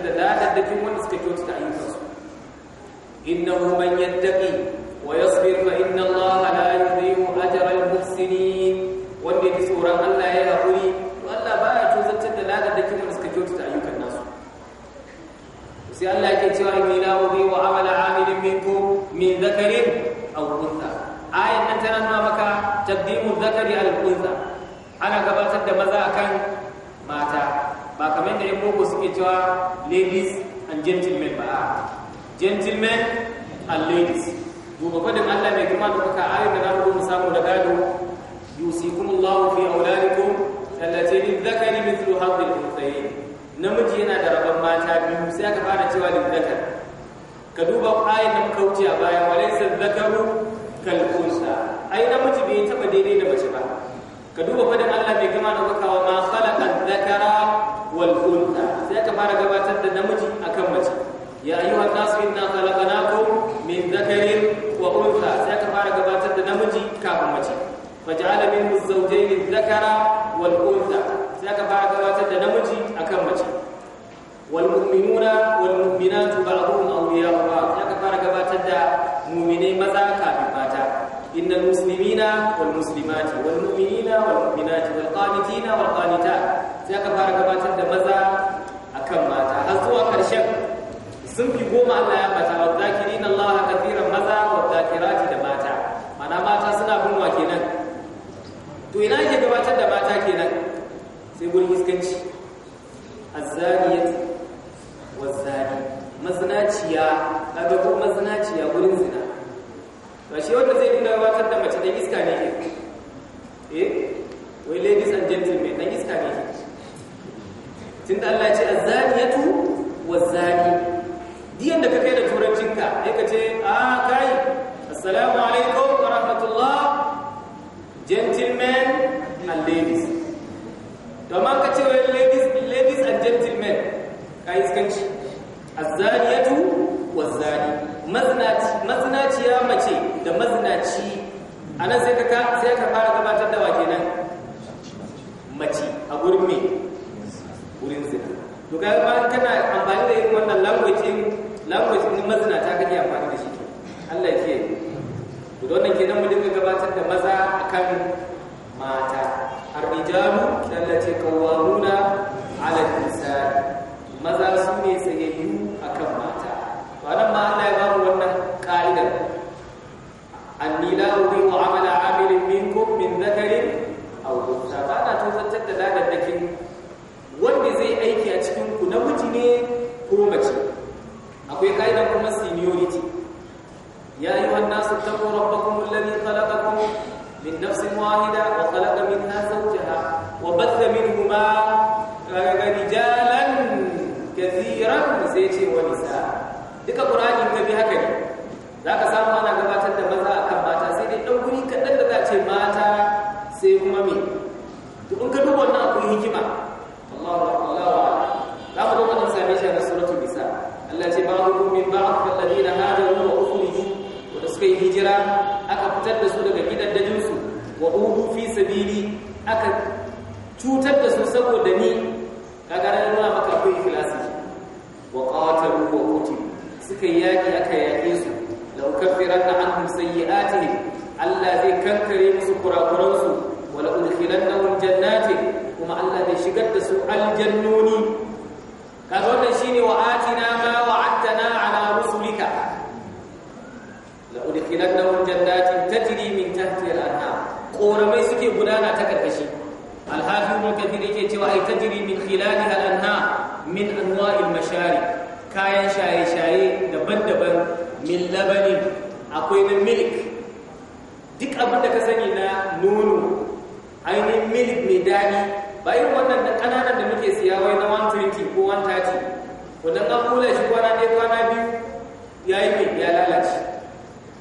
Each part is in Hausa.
tabbatar da ladaddakin wanda suka kyautata ayyukansu innahu man yattaqi wa yasbir fa inna allaha la yudhi'u ajra al-muhsinin wanda ya tsoron Allah ya haƙuri Allah baya tozartar da ladaddakin wanda suka kyautata ayyukan nasu sai Allah yake cewa inni la wa amala 'amilin minkum min dhakarin aw untha ayan nan tana nuna maka taqdimu dhakari al-untha ana gabatar da maza akan mata ba kamar da yan boko suke cewa ladies and gentlemen ba gentlemen and ladies duba kwadin Allah mai kuma da kuka ayoyin da na rubu mu samu da gado allahu fi zaka allati lidhakari mithlu hadhihi al tsaye. namiji yana da rabon mata biyu sai aka fara cewa zakar ka duba ayin da kauce a baya walaysa dhakaru zakaru kalkunsa ai namiji bai taba daidai da mace ba ka duba kwadin Allah mai kuma da kuka wa fara gabatar da namiji akan mace ya ayyuha nasu inna khalaqnakum min dhakarin wa untha sai ka fara gabatar da namiji kafin mace faj'ala minhu zawjayn adh-dhakara wal untha sai ka fara gabatar da namiji akan mace wal mu'minuna wal mu'minatu ba'dhum awliya'u ba'd sai ka fara gabatar da mu'minai maza kafin mata إن المسلمين والمسلمات والمؤمنين والمؤمنات والقانتين والقانتات سيكفر كباتن مزا kan mata har zuwa ƙarshen sun fi goma Allah ya fata wa na Allah kathiran maza wa zakirati da mata mana mata suna bunwa kenan to ina ke gabatar da mata kenan sai gurin iskanci wa zani mazinaciya kaga ko mazinaciya wurin zina ba shi wanda zai dinga gabatar da mace da iska ne eh wai ladies and gentlemen na iska ne ke. tunda Allah ya ce azaniyatu wazani diyan da ka kai da turancinka sai ka ce a ah, kai assalamu alaikum wa rahmatullah gentlemen and ladies to amma ka ce ladies ladies and gentlemen ka iskanci wazani maznati maznaci ya mace da maznaci anan sai ka sai ka fara gabatar da wa kenan mace a gurin me to ga ba kana amfani da irin wannan language language din mazina ta kake amfani da shi Allah ya ce to don nan kenan mu dinga gabatar da maza akan mata ar-rijalu allati qawwamuna 'ala an-nisaa maza su ne sayayyu akan mata to anan ma Allah ya bamu wannan ka'idar anni la udhi'u 'amala 'amilin minkum min dhakarin aw untha ba na tuzantar da dagaddakin ku namiji ne ko mace akwai kaidar kuma seniority ya yi wannan su tabo rabbakum alladhi khalaqakum min nafsin wahida wa khalaqa minha zawjaha wa batha minhuma eh, rijalan kathiran sai ce wa nisa duka qur'ani ka bi haka ne zaka samu ana gabatar da maza akan mata sai dai dan guri kadan da za ce mata sai kuma me to in ka duba wannan akwai hikima hijira aka fitar da su daga gidaddajinsu wa uhu fi sabili aka cutar da su saboda ni kaga ran nuna maka ku ikhlasi wa qatalu wa qutilu suka yaki aka yaki min labanin akwai na milk duk abin da ka sani na nono ainihin milk mai daɗi bayan wannan da kananan da muke siya wai na 120 ko 130 wannan an kula shi kwana ɗaya kwana biyu ya yi mai ya lalace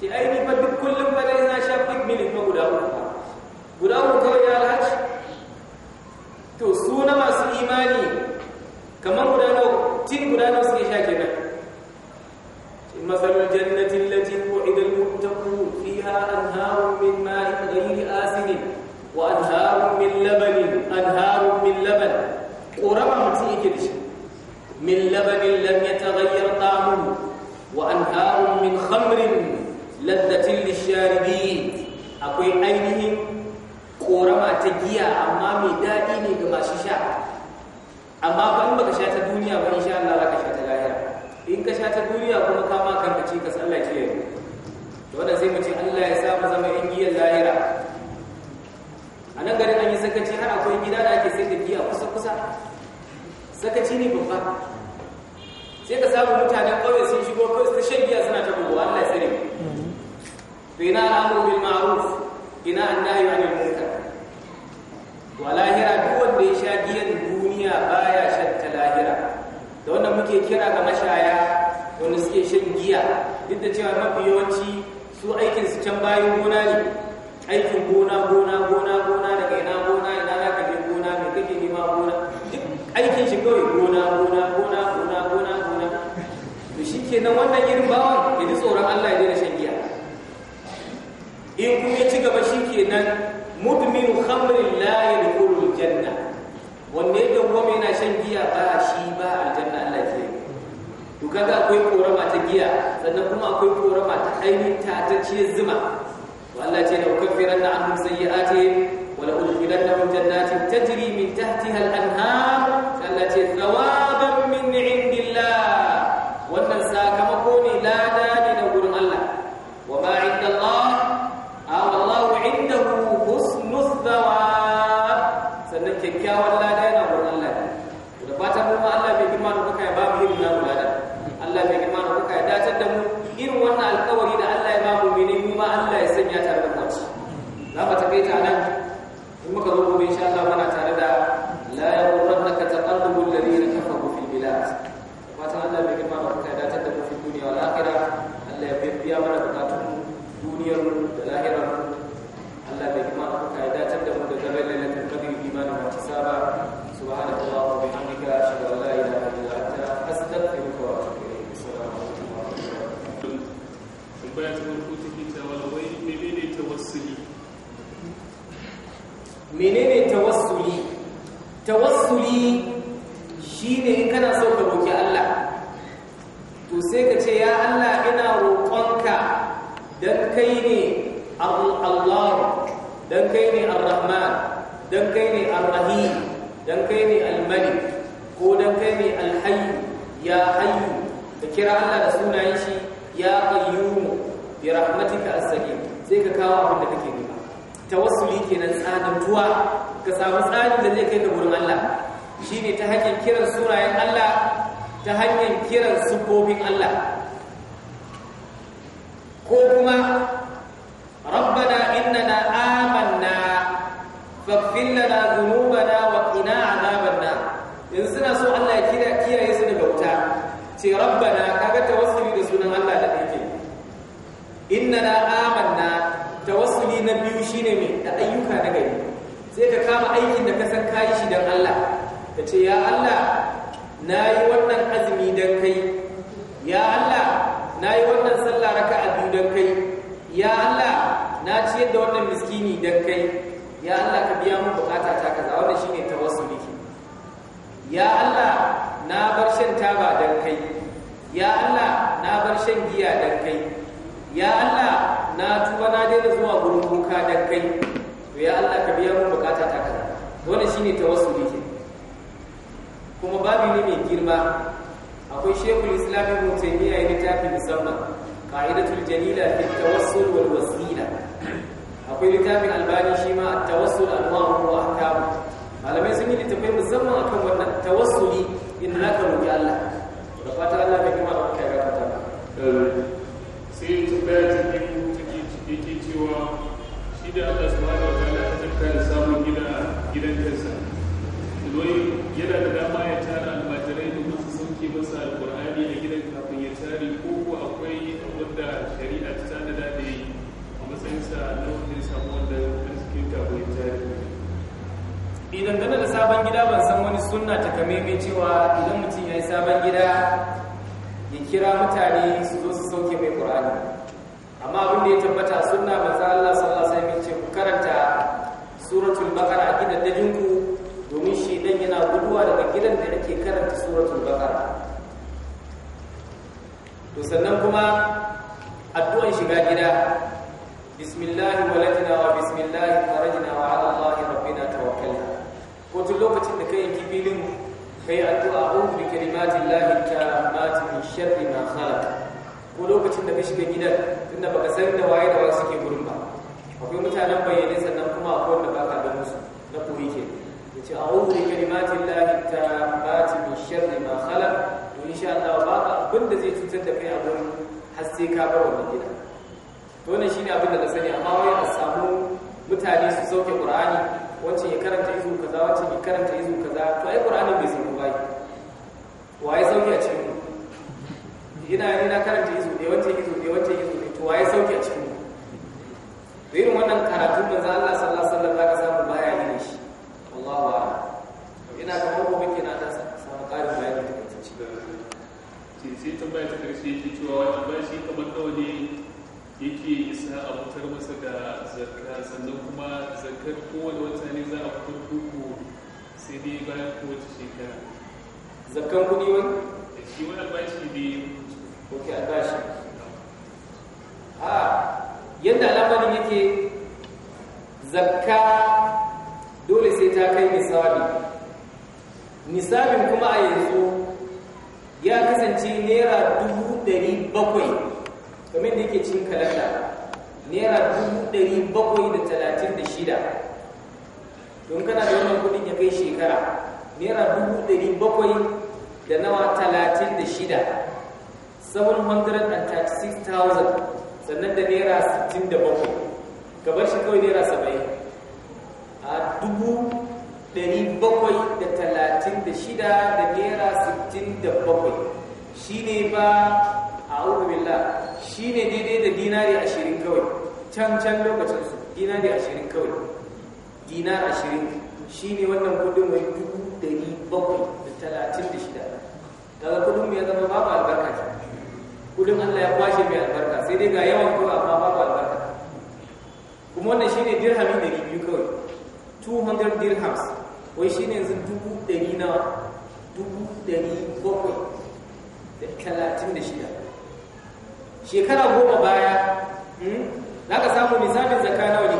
ce ainihin ba duk kullum ba dai na sha big milk ma guda uku guda uku kawai ya lalace to su na masu imani kamar guda nawa tin guda nawa suke sha kenan مثل الجنة التي وعد المتقون فيها أنهار من ماء غير آسن وأنهار من لبن أنهار من لبن قرب متيك من لبن لم يتغير طعمه وأنهار من خمر لذة للشاربين akwai ainihin korama ta giya amma mai daɗi ne ga masu sha amma ba in baka sha ta duniya ba insha Allah za ka sha in ka sha ta duniya kuma ka ma kanka ci ka sallah ce yanzu to wannan sai mu ce Allah ya sa mu zama yan giyan lahira a nan garin an yi sakaci har akwai gida da ake sai da giya kusa kusa sakaci ne babba sai ka samu mutanen ƙauye sun shigo kawai su shan giya suna ta bugu Allah ya sani to ina al'amru bil ma'ruf ina annahi anil munkar wala hira duk wanda ya sha giyan duniya baya da wanda muke kira ga mashaya wanda suke shan giya duk da cewa mafi yawanci su aikin su can bayan gona ne aikin gona gona gona gona daga ina gona ina za ka je gona mai kake nema gona duk aikin shi kawai gona gona gona gona gona gona to shi nan wannan irin bawan ya ji tsoron Allah ya daina shan giya in kun ya ci gaba shi nan mudminu khamrin la yadkhulul janna wanne da goma yana shan giya ba shi ba aljanna Allah ke to kaga akwai korama ta giya sannan kuma akwai korama ta ainihin ta ta ce zuma to Allah ce da kaffiran na annum sayyi'atihim wa la udkhilannahum jannatin tajri min tahtiha al-anhar Allah ce thawab tambaya ta farko take cewa menene tawassuli menene tawassuli tawassuli shine in kana so ka roki Allah to sai ka ce ya Allah ina roƙonka dan kai ne Allah dan kai ne Ar-Rahman dan kai ne Ar-Rahim dan kai ne Al-Malik ko dan kai ne Al-Hayy ya Hayy ka kira Allah da sunaye bi rahmatika as-salim sai ka kawo abin da kake nema tawassuli kenan tsanantuwa ka samu tsarin da zai kai ga gurin Allah shine ta hanyar kiran sunayen Allah ta hanyar kiran sifofin Allah ko kuma rabbana innana amanna faghfir lana dhunubana sai ka kama aikin da ka san kayi shi don Allah ka ce ya Allah na yi wannan azumi don kai ya Allah na yi wannan sallah raka a biyu don kai ya Allah na ciyar da wannan miskini don kai ya Allah ka biya mu bukata ta kaza shi ne ta wasu tawassuli ya Allah na bar shan taba don kai ya Allah na bar shan giya don kai ya Allah na tuba na daina zuwa gurin kuka don kai to ya Allah ka biya mun bukata ta kaza wannan shine tawassuli ke kuma babu ne mai girma akwai shekul islam ibn taymiya ya littafi musamman qa'idatul janila fi tawassul wal wasila akwai littafin albani shi ma at-tawassul anwa'u wa ahkamu malamai sun yi littafai musamman akan wannan tawassul takamaimai cewa idan mutum ya yi sabon gida ya kira mutane su zo su sauke mai ƙur'ani amma abin da ya tabbata suna manzo Allah sallallahu alaihi wasallam ce ku karanta suratul baqara gidan dajinku domin shi dan yana guduwa daga gidan da yake karanta suratul baqara to sannan kuma addu'an shiga gida bismillahi walakina wa bismillahi kharajna wa ala allahi rabbina tawakkalna ko tun lokacin da kai kifi. kai addu'a a'udhu bi kalimati llahi tammati min sharri ma khalaq ko lokacin da ka shiga gidan tunda baka san da waye da wasu ke gurin ba akwai mutanen bayyane sannan kuma akwai wanda baka ganin su na koyi ke yace a'udhu bi kalimati llahi tammati min sharri ma khalaq to insha Allah ba abin da zai cutar da kai a gurin har sai ka bar wannan gidan to wannan shine abin da na sani amma wai a samu mutane su sauke Qur'ani wancan ya karanta izu kaza wancan ya karanta izu kaza to ai Qur'ani bai san waye sauki a cikin yana yi na karanta izo ne wancan izo ne wancan izo ne to waye sauki a cikin da irin wannan karatu za Allah sallallahu alaihi wasallam zaka samu baya yi ne shi wallahi a'lam ina ga farko muke na dan samu karin bayani da kace ci sai tambaya ta karshe yake cewa wata ba shi kamar da wani yake isa a fitar masa da zakka sannan kuma zakkar kowane wata ne za a fitar duku sai dai bayan kowace shekara zakkan kuɗi wani? shi wani albashi biyu ok albashi a yadda al'amarin yake zakka dole sai ta kai nisabi nisabin kuma a yanzu ya kasance naira dubu dari bakwai kamar da yake cin kalanda naira dubu dari bakwai da talatin da shida don kana da wannan kudin ya kai shekara naira dubu dari bakwai da nawa 36,000 sannan da naira 67 gabar shi kawai naira 70 a 736 da talatin naira 67 shi ne ba a ubimila shi ne daidai da dinari ashirin kawai can can lokacin su dinari ashirin kawai dinar ashirin shi ne wannan kudin mai dubu ya zama babu albarka ce kudin Allah ya kwashe mai albarka sai dai ga yawan kudi amma babu albarka kuma wannan shine dirhami ɗari biyu kawai 200 dirhams wai shine yanzu dubu dari na dubu dari bakwai da talatin da shida shekara goma baya hmm, za ka samu misalin zaka nawa ne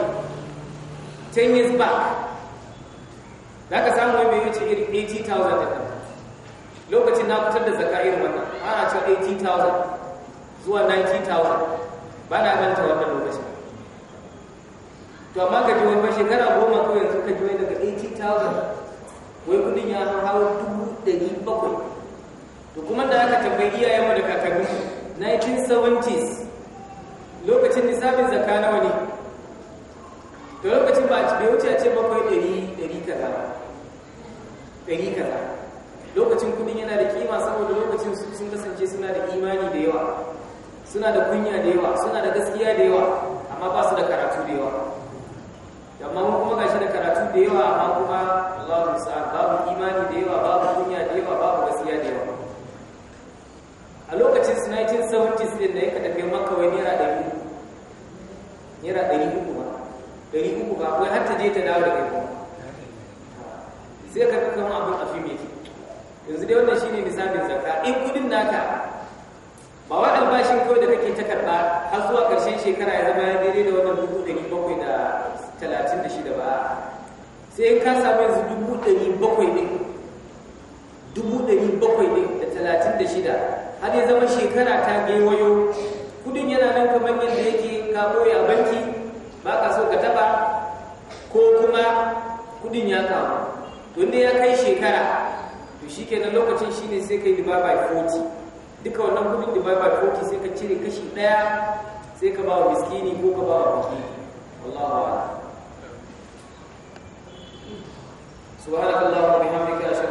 10 years back za ka samu wani bai wuce irin 80,000 da lokacin na fitar da zaka irin wannan ana cewa 80,000 zuwa 90,000 ba na ganta wannan lokacin to amma ka ji wani ba shekara goma ko yanzu ka ji wani daga 80,000 wai kudin ya hau dubu ɗari bakwai to kuma da aka tambayi iyayen mu da kakanni 1970s lokacin nisabin zaka nawa ne to lokacin ba a bai wuce a ce bakwai ɗari ɗari kaza ɗari kaza lokacin kudin yana da kima saboda lokacin su sun kasance suna da imani da yawa suna da kunya da yawa suna da gaskiya da yawa amma ba su da karatu da yawa amma mun kuma gashi da karatu da yawa amma kuma Allahu musta'an babu imani da yawa babu kunya da yawa babu gaskiya da yawa a lokacin 1970s din da yake tafiya Makka wai naira 100 naira 100 ba 300 ba wai har ta je ta dawo da kai sai ka ga kamar abin afi mai yanzu dai wannan shine misalin zakka in kudin naka ba wa albashin ko da kake ta karba har zuwa karshen shekara ya zama ya daidai da wannan dubu ɗari bakwai da talatin da shida ba sai in ka samu yanzu dubu ɗari bakwai ne dubu ɗari bakwai ne da talatin da shida har ya zama shekara ta gewayo kudin yana nan kamar yadda yake ka ɓoye a banki ba ka so ka taɓa ko kuma kudin ya kawo to inda ya kai shekara to shi kenan lokacin shi ne sai ka yi divide by 40 duka wannan kudin divide by 40 sai ka cire kashi ɗaya sai ka ba wa miskini ko ka ba wa buki Subhanahu wa bihamdika